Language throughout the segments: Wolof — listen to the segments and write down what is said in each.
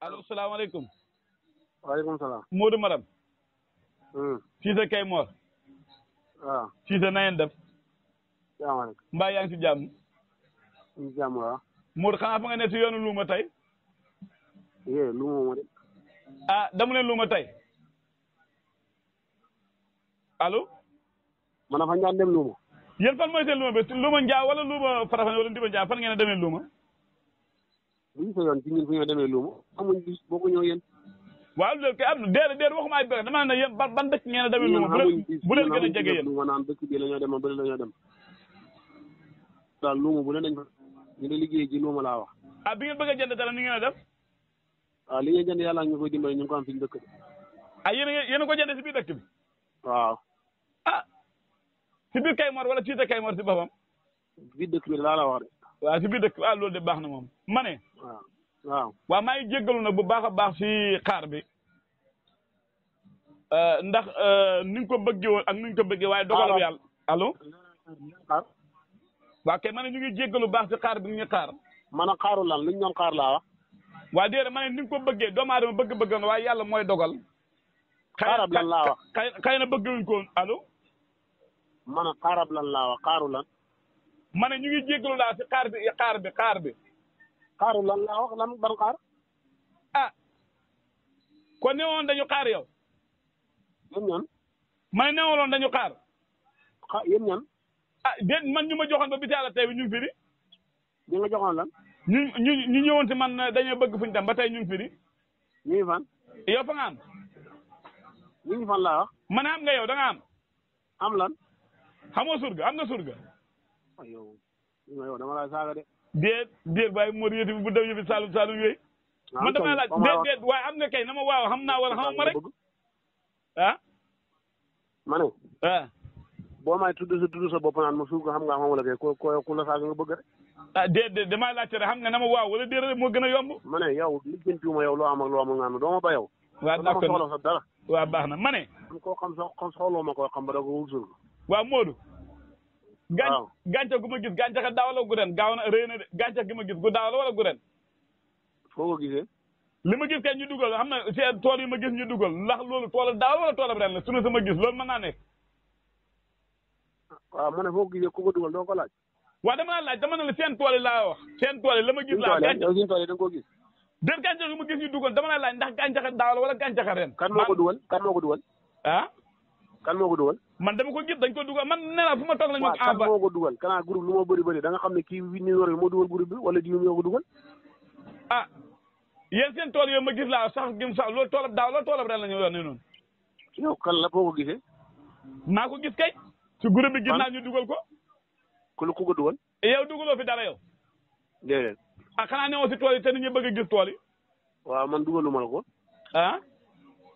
allo salaamaaleykum. waaleykum salaam. Modou Maram. Hmm. Cissé Kay Mor. waaw Cissé na ngeen def. salaamaaleykum. mbaa yaa ngi si jàmm. si jàmm waaw. Modou xanaa fa nga ne si yoonu luuma tey. yee luuma moo de. ah damu ne luuma tey. allo. man fa ñaan dem luuma. yéen fan mooy seen luuma bi luuma Njaa wala luuma Farafane wala Ndiba Njaa fan ngeen a demee luuma. bu ñu soxlawee ci ñun fu ñoo demee luuma amuñ bi boo ko ñëw yéen. waaw loolu kay am na déedéet déedéet waxuma ay bëri ban ban dëkk ngeen a demee bu leen bu leen gën a jege yéen luuma naan dëkk bi la ñoo dem ba la ñoo dem. daal luuma bu ne dañ fa ñu ne liggéey ji luuma laa wax. a bi ngeen bëgg a jënd dara ni ngeen a def. waaw li ngeen jënd yàlla ñu koy dimbale ngi ko am fi ñu dëkk bi. ah yéen a yéen a ko jëndee si biir dëkk bi. waaw. ah si biir Kaymoor wala si biir Kaymoor si boppam. dëkk bi laa la wax waa si biir dëkk ah de baax na moom ma ne. waaw waaw maa ngi jéggalu bu baax a baax si xaar bi euh, ndax euh, ni nga ko bëggee woon ak ni nga ko waaye dogalu yàlla allo. waaw kay ma ne ñu ngi jéggalu baax si xaar bi ñu ngi xaar. man a xaaru lan li ñu doon xaar laa wax. waaw déedéet ma ne ni nga ko bëggee doomu aadama bëgg bëgg na waaye yàlla mooy dogal. xaarab lan laa wax na xëy na bëgguñ ko woon allo. man a xaarab lan laa wax xaaru lan. ma ne ñu ngi jégalu daal si xaar bi xaar bi xaar bi. xaaru lan laa wax lan ban xaar. ah kon ne woon dañu xaar yow. yéen ñaan. ma ne ne woon dañu xaar. xa yéen ñaan. ah déet man ñu ma joxoon ba bi yàlla tey bi ñu ngi fi di. ñu nga joxoon lan. ñu ñu ñu ñëwoon si man dañoo bëgg fu ñu dem ba tey ñu ngi fi di. ñu ngi fan. yow fa nga am. ñu ngi fan laa wax. man am nga yow da nga am. am lan. xamoo surga am nga surga. yow yow dama la saaga de. déet déet waaye Mor yëti bu daw yëfi Saalum Saalum yooyu. Ah, man dama laaj déet déet waaye nga kay na ma waaw xam naa wala xamuma rek ah. ma ne. ah. boo may tudd sa tudd sa bopp naan ma suuf xam nga xamuma la kay ko ko ku la saaga nga bëgg rek. ah déedéet damaa laajte rek xam nga na ma waaw wala déedéet moo gën a yomb. ma ne yow lijjantiwuma yow loo am ak loo amul naan doo ma ba yow. waaw d'accord dama soxla sa dara. waaw baax na ma ne. koo xam sax xooloo ma koo xam ba da ko wut waaw waaw gàncax gu ma gis gàncax a daaw la gu ren gaaw na na de gàncax gi ma gis gu daaw wala gu ren. foo ko li ma gis kay ñu dugal xam na seen tool yi ma gis ñu dugal ndax loolu toolal daaw wala toolab ren la su ne sama gis loolu mën naa nekk. waaw ma ne foo ko gisee ku dugal doo ko laaj. waaw dama la laaj dama ne la seen tool yi laa wax seen tool yi la ma gis. laa gàncax seen tool yi da nga koo gis. déet ma gis ñu dugal dama la laaj ndax gàncax a daaw wala gàncax a ren. kan moo ko dugal kan moo ko kan moo ko dugal. man dama ko gis dañ ko dugal man nee naa fu ma toog lañ. ma ko àmba waaw kan moo ko dugal kanaa groupe lu moo bëri bëri da nga xam ne kii bi ñu yore moo dugal groupe bi wala jiw ñoo ko dugal. ah yéen seen tool yooyu ma gis laa sax gim sax loolu toolab daaw loolu toolab ren la ñu yor nii noonu. la foo ko gisee. ko gis kay. ci groupe bi gis naa ñu dugal ko. ku lu ku ko dugal. yow dugaloo fi dara yow. déedéet. ah xanaa ne woon si tool yi te ni ñu bëgg a gis tool yi. waaw man dugaluma la ko. ah.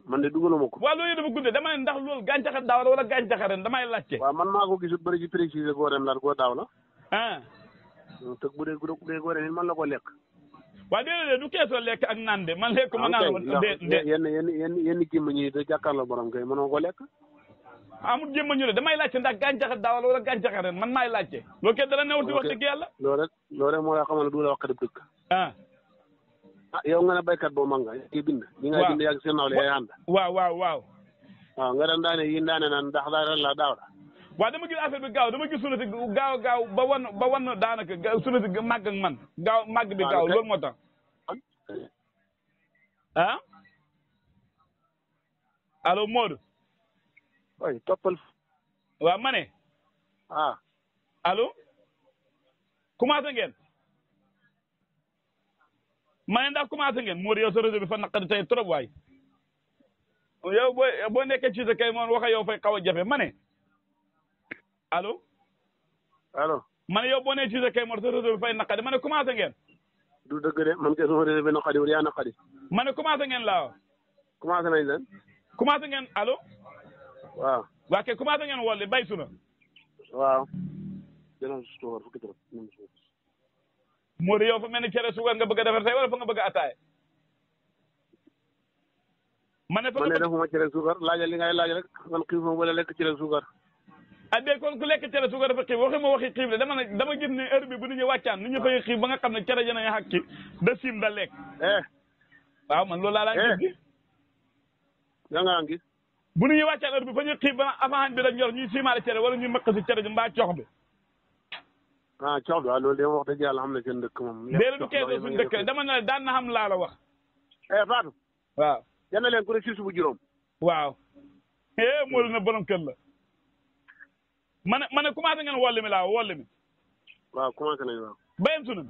man de dugal ko. waaw loolu dama guddee dama ne ndax loolu gàncax daaw la wala gàncax ren damay laajte. waaw man maa ko gisut bëri ci préciser koo ren la koo daaw la. ah. Hmm, te bu dee bu dee koo ren man la ko lekk. waaw déedéet du keesoo lekk ak naan de man lekk ma ah, naan ma de de yenn yenn yenn yenn jëmm ñi da jàkkaarloo borom kay mënoo ko lekk. amul ah, jëmm ñu de damay laajte ndax gàncax daaw la wala gàncax ren man maay laajte. loolu kenn dara newut di wax dëgg yàlla. loolu rek loolu rek moo la xamal du la wax dëgg. Ah. ah yow nga ne béykat boo mag nga yaa bind. ñi ngay bind yaa ngi seen nawle yaay ànd. waaw waaw ah, nga daan daane yi daane naan ndax daa ren la daaw la. waaw dama gis affaire bi gaaw dama gis sunati gaaw gaaw ba wan ba wan daanaka sunati màgg ak man. gaaw màgg bi gaaw loolu moo tax. ah. allo Modou. oy toppal. waaw ma ne ndax commencé ngeen Mor yow sa réseau bi fa naqari tey trop waay yow boo boo nekkee ci kay moom waxa yow fay xaw a jafe ma ne allo allo ma ne yow boo nee ci sa kay moom sa réseau fay naqari ma ne commencé ngeen du dëgg de man kay sama réseau bi naqari wul yaa naqari ma ne commencé ngeen laawa commencé nañ leen commencé ngeen allo waaw waa kay commencé ngeen bay suna moo di yow fa mel ni cere suukar nga bëgg a defar tey wala fa nga bëgg a ataaya. ma ne fa nga bëgg a defuma cere suukar laajal li ngay laaj rek man xiif ma wala lekk cere suukar. ah dégg kon ku lekk cere suukar dafa xiif waxi ma waxi xiif la dama ne ni gis ne heure bi bu ñu wàccaan nu ñu fay xiif ba nga xam ne cere jën a xàkki da sim da lekk. Eh. waaw man loolu laa daan gis. Eh. da gis. bu ñu wàccaan heure bi fa ñu xiif ba avant añ bi da ñor ñuy siimaale wala ñuy mëq si cere ji mbaa cox ah Thiaw waaw loolu de wax dëgg yàlla am na seen dëkk moom. léegi du tee suñu dëkk dama ne daan na xam laa la wax. eh Fatou. waaw yal na leen ku ne si subu juróom. waaw. eh Modou na borom la. ma ne ma ne commencé ngeen wolli mi laa wolli mi. waaw commencé nañu waaw. béyam sunu.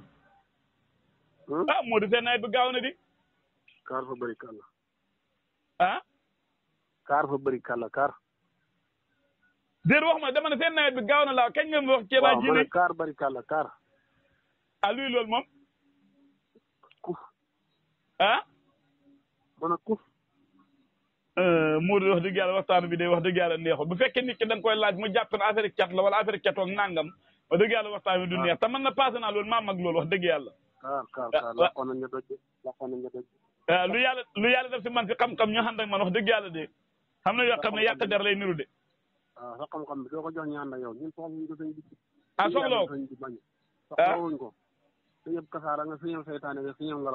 Hmm? ah Modou seen nawet bi gaaw na di. kaar fa bëri kàlla. ah. kaar fa bëri kàlla kaar. déet wax ma dama ne seen bi gaaw na laaw kañ nga ma wax. Kéba Jili waaw man kaar bari kàlla kaar. ah luy loolu moom. kuf. ah. man kuf. Euh, Modou bi de wax dëgg yàlla bu fekkee nit da nga koy laaj mu jàpp ne affaire cat la wala affaire catoog nangam wax dëgg yàlla waxtaan bi du ah. neex te man na passé naa loolu maa mag loolu wax dëgg yàlla. kaar kaar ah, kaar laqoon ah, yàlla lu yàlla def si man si xam-xam ñu ànd man wax dëgg yàlla de xam na yoo xam ne yàq der lay niru waaw ah, sa xam-xam bi doo ko jox ñu ànd ak yow ñun soxlawuñ ko sëñ bi. ah a sëñ bi bañ soxlawuñ ko sëñ ah. ab kasaara nga sëñ ab seytaane nga sëñ nga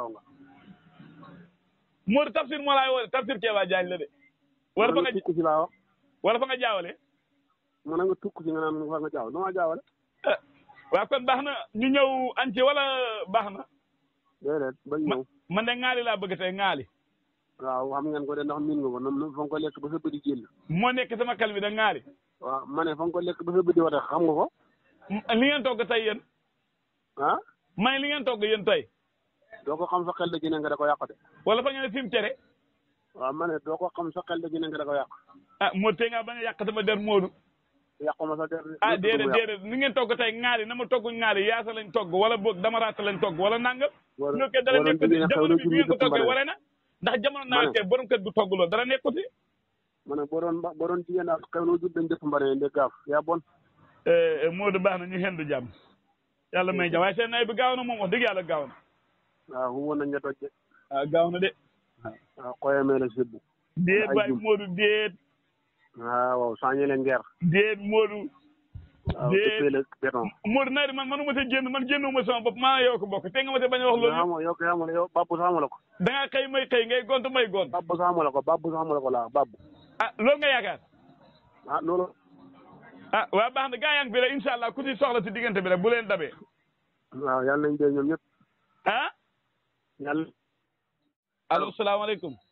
Mor tafsir moo laay woone tafsir Keba Diagne la de wala fa nga tukk si laa jaawale ma na nga tukk si nga naan fa nga jaawale damaa ah. jaawale waaw kon baax na ñu ñëw añ ci wala baax na déedéet bañ ñëw man de ŋaali laa bëgg tey ŋaali waaw xam ngeen ko de ndax miin nga ko nam fa nga ko lekk ba sa bëri génn moo nekk sama kal bi da ŋaali waaw ma ne fa nga ko lekk ba sa bët di wate xam nga ko. li ngeen togg tey yéen. ah. may li ngeen togg yéen tey. doo ko xam sa xel da ji ne nga da ko yàq de. wala fa ngeen fim cere. waaw ma doo ko xam sa xel da ji ne nga da ko yàq. ah moo tee nga bañ a yàq sama der Modou. yàquma sa der. ah déedéet déedéet ni ngeen togg tey ŋaari na ma togg ŋaari yaasa lañ togg wala boog dama raata lañ togg wala nangam. wala wala dara nekk jamono bi ngeen ko toggee wala na. ndax jamono naawetee borom kër du togg loolu dara nekkuti mana boɗon boɗon jiyanaa ko kawno juɗɗen jeppo mbaɗa e nde gaaf ya bon e Modou Ba nañu henndu jam yalla may jam way sen nayi ɓe gawno moom wax dëgg yalla gawno a hum wonno ñettojje a ah, gawno de a koye meɗen sibbu deet bay Modou deet a ah, waw sañelen ndeer deet Modou Modou nayi man manuma te génn man génnuma sama bopp maa yow ko bokk te nga ma te bañ a wax loolu yow ko yamala yow babbu samala ko da nga xëy may xëy ngay gont may gont babbu samala ko babbu samala ko laa babbu ah loolu nga yaakaar. ah loolu. ah waaw baax na gaa yaa ngi fi rek incha allah ku ci soxla ci diggante bi rek bu leen dabee. waaw yàlla nañ dee ñoom ñëpp. ah. yàlla. allo salaamaaleykum.